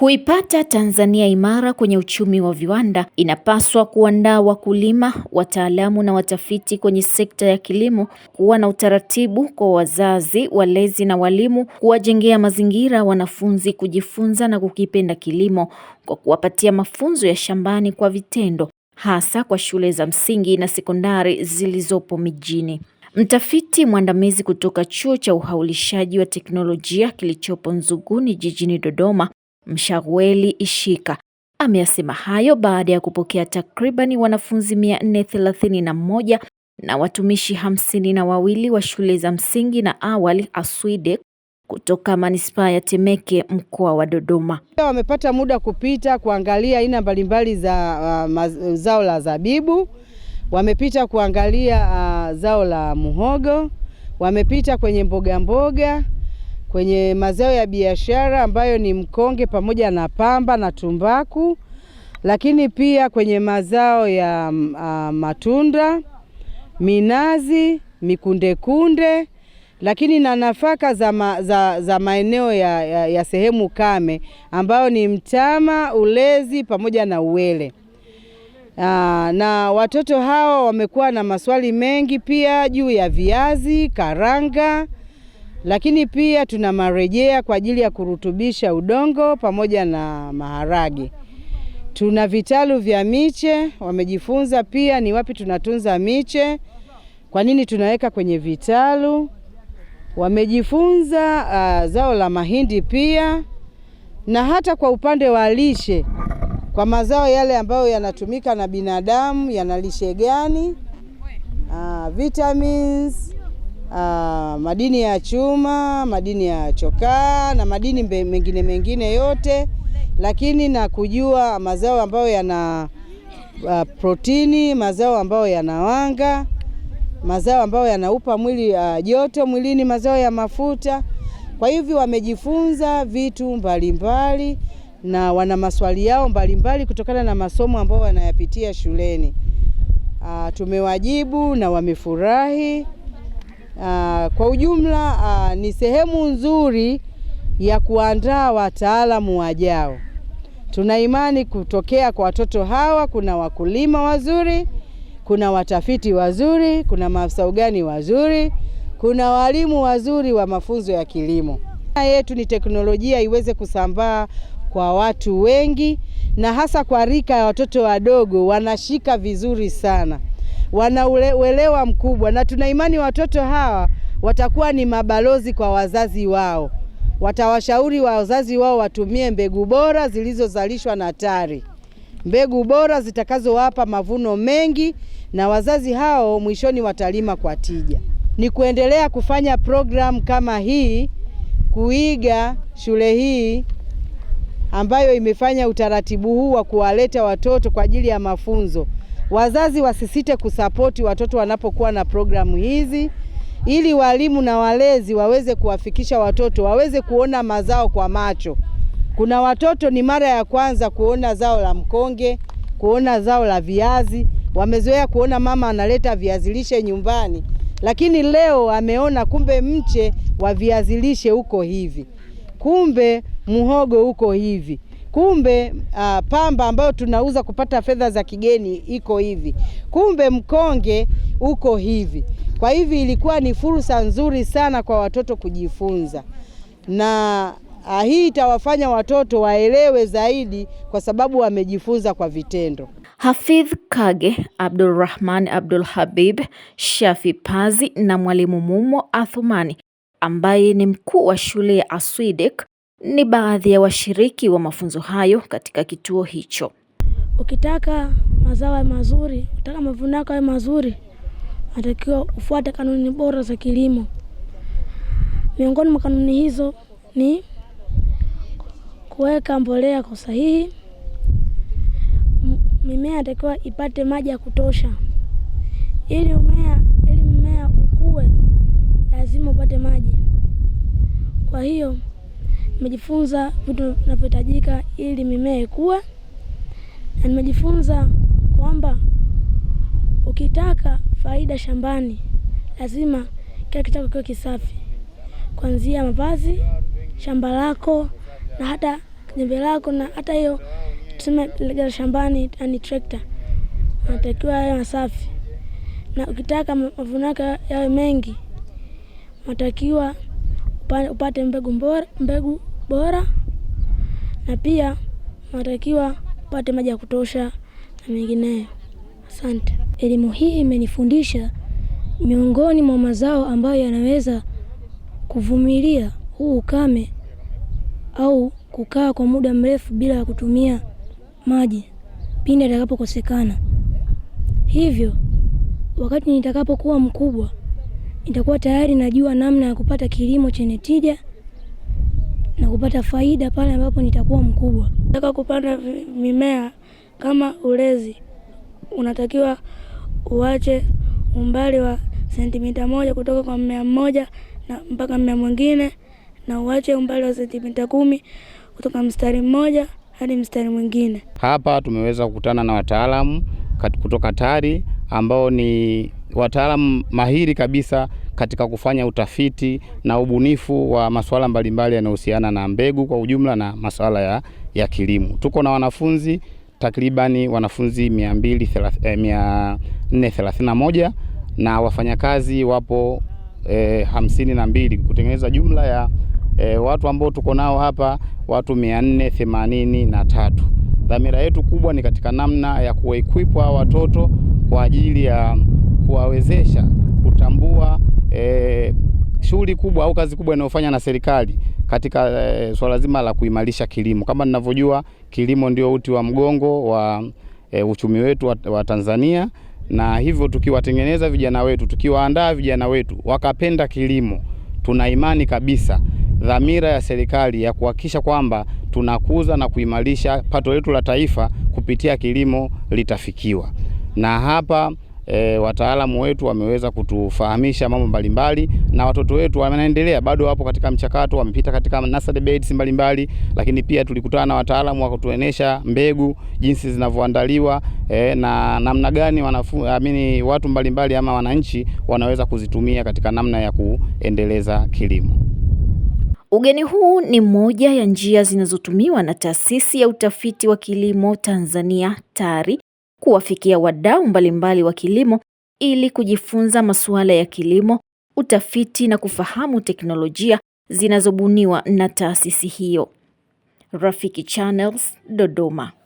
Kuipata Tanzania imara kwenye uchumi wa viwanda inapaswa kuandaa wakulima, wataalamu na watafiti kwenye sekta ya kilimo, kuwa na utaratibu kwa wazazi, walezi na walimu, kuwajengea mazingira wanafunzi kujifunza na kukipenda kilimo kwa kuwapatia mafunzo ya shambani kwa vitendo, hasa kwa shule za msingi na sekondari zilizopo mijini. Mtafiti mwandamizi kutoka Chuo cha Uhaulishaji wa Teknolojia kilichopo Nzuguni jijini Dodoma Mshagweli Ishika ameyasema hayo baada ya kupokea takribani wanafunzi moja na watumishi hamsini na wawili wa shule za msingi na awali Aswide kutoka manispaa ya Temeke mkoa wa Dodoma. Wamepata muda kupita kuangalia aina mbalimbali za uh, zao la zabibu, wamepita kuangalia uh, zao la muhogo, wamepita kwenye mboga mboga kwenye mazao ya biashara ambayo ni mkonge pamoja na pamba na tumbaku, lakini pia kwenye mazao ya uh, matunda, minazi, mikundekunde, lakini na nafaka za, ma, za, za maeneo ya, ya, ya sehemu kame ambayo ni mtama, ulezi pamoja na uwele. Aa, ah, na watoto hawa wamekuwa na maswali mengi pia juu ya viazi karanga lakini pia tuna marejea kwa ajili ya kurutubisha udongo pamoja na maharage. Tuna vitalu vya miche, wamejifunza pia ni wapi tunatunza miche, kwa nini tunaweka kwenye vitalu. Wamejifunza uh, zao la mahindi pia, na hata kwa upande wa lishe, kwa mazao yale ambayo yanatumika na binadamu yana lishe gani, uh, vitamins Aa, ah, madini ya chuma, madini ya chokaa na madini mengine mengine yote, lakini na kujua mazao ambayo yana uh, protini, mazao ambayo yana wanga, mazao ambayo yanaupa mwili uh, joto mwilini, mazao ya mafuta. Kwa hivyo wamejifunza vitu mbalimbali mbali, na wana maswali yao mbalimbali mbali kutokana na masomo ambayo wanayapitia shuleni. Uh, tumewajibu na wamefurahi. Ah, kwa ujumla uh, ni sehemu nzuri ya kuandaa wataalamu wajao. Tuna imani kutokea kwa watoto hawa kuna wakulima wazuri, kuna watafiti wazuri, kuna maafisa ugani wazuri, kuna walimu wazuri wa mafunzo ya kilimo. Na yetu ni teknolojia iweze kusambaa kwa watu wengi na hasa kwa rika ya watoto wadogo, wanashika vizuri sana wana uelewa mkubwa, na tuna imani watoto hawa watakuwa ni mabalozi kwa wazazi wao, watawashauri wazazi wao watumie mbegu bora zilizozalishwa na TARI, mbegu bora zitakazowapa mavuno mengi, na wazazi hao mwishoni watalima kwa tija. Ni kuendelea kufanya programu kama hii, kuiga shule hii ambayo imefanya utaratibu huu wa kuwaleta watoto kwa ajili ya mafunzo. Wazazi wasisite kusapoti watoto wanapokuwa na programu hizi, ili walimu na walezi waweze kuwafikisha watoto waweze kuona mazao kwa macho. Kuna watoto ni mara ya kwanza kuona zao la mkonge, kuona zao la viazi. Wamezoea kuona mama analeta viazi lishe nyumbani, lakini leo ameona kumbe mche wa viazi lishe uko hivi, kumbe muhogo uko hivi. Kumbe uh, pamba ambayo tunauza kupata fedha za kigeni iko hivi, kumbe mkonge uko hivi. Kwa hivi ilikuwa ni fursa nzuri sana kwa watoto kujifunza, na uh, hii itawafanya watoto waelewe zaidi, kwa sababu wamejifunza kwa vitendo. Hafidh Kage, Abdulrahman Abdul Habib, Shafi Pazi na mwalimu Mumo Athumani ambaye ni mkuu wa shule ya Aswidek ni baadhi ya washiriki wa mafunzo hayo katika kituo hicho. Ukitaka mazao mazuri, ukitaka mavuno yako ya mazuri, natakiwa ufuate kanuni bora za kilimo. Miongoni mwa kanuni hizo ni kuweka mbolea kwa sahihi Mimea inatakiwa ipate maji ya kutosha, ili mmea ili mmea ukue lazima upate maji. Kwa hiyo nimejifunza vitu vinavyohitajika ili mimea ikue, na nimejifunza kwamba ukitaka faida shambani lazima kila kitu kiwe kisafi, kuanzia mavazi, shamba lako na hata jembe lako, na hata hiyo tuseme gari shambani, yani trekta, unatakiwa yawe masafi, na ukitaka mavuno yako yawe mengi, unatakiwa upate mbegu bora, mbegu bora, na pia unatakiwa upate maji ya kutosha na mengineyo. Asante. Elimu hii imenifundisha miongoni mwa mazao ambayo yanaweza kuvumilia huu ukame au kukaa kwa muda mrefu bila ya kutumia maji pindi atakapokosekana. Hivyo wakati nitakapokuwa mkubwa, nitakuwa tayari najua namna ya kupata kilimo chenye tija na kupata faida pale ambapo nitakuwa mkubwa. Nataka kupanda mimea kama ulezi, unatakiwa uache umbali wa sentimita moja kutoka kwa mmea mmoja na mpaka mmea mwingine, na uache umbali wa sentimita kumi kutoka mstari mmoja hadi mstari mwingine. Hapa tumeweza kukutana na wataalamu kutoka TARI ambao ni wataalamu mahiri kabisa katika kufanya utafiti na ubunifu wa masuala mbalimbali yanayohusiana na mbegu kwa ujumla na masuala ya, ya kilimo. Tuko na wanafunzi takribani wanafunzi 431 eh, na wafanyakazi wapo e, hamsini na mbili kutengeneza jumla ya e, watu ambao tuko nao hapa watu 483. Dhamira yetu kubwa ni katika namna ya kuwaequipa watoto kwa ajili ya kuwawezesha kutambua e, shughuli kubwa au kazi kubwa inayofanya na serikali katika e, swala zima la kuimarisha kilimo. Kama ninavyojua kilimo ndio uti wa mgongo wa e, uchumi wetu wa, wa Tanzania na hivyo tukiwatengeneza vijana wetu, tukiwaandaa vijana wetu wakapenda kilimo, tuna imani kabisa dhamira ya serikali ya kuhakikisha kwamba tunakuza na kuimarisha pato letu la taifa kupitia kilimo litafikiwa na hapa e, wataalamu wetu wameweza kutufahamisha mambo mbalimbali, na watoto wetu wanaendelea bado wapo katika mchakato, wamepita katika nursery beds mbalimbali, lakini pia tulikutana na wataalamu wa kutuonesha mbegu jinsi zinavyoandaliwa e, na namna gani wanafu, amini, watu mbalimbali ama wananchi wanaweza kuzitumia katika namna ya kuendeleza kilimo. Ugeni huu ni moja ya njia zinazotumiwa na Taasisi ya Utafiti wa Kilimo Tanzania TARI kuwafikia wadau mbalimbali wa kilimo ili kujifunza masuala ya kilimo, utafiti na kufahamu teknolojia zinazobuniwa na taasisi hiyo. Rafiki Channels, Dodoma.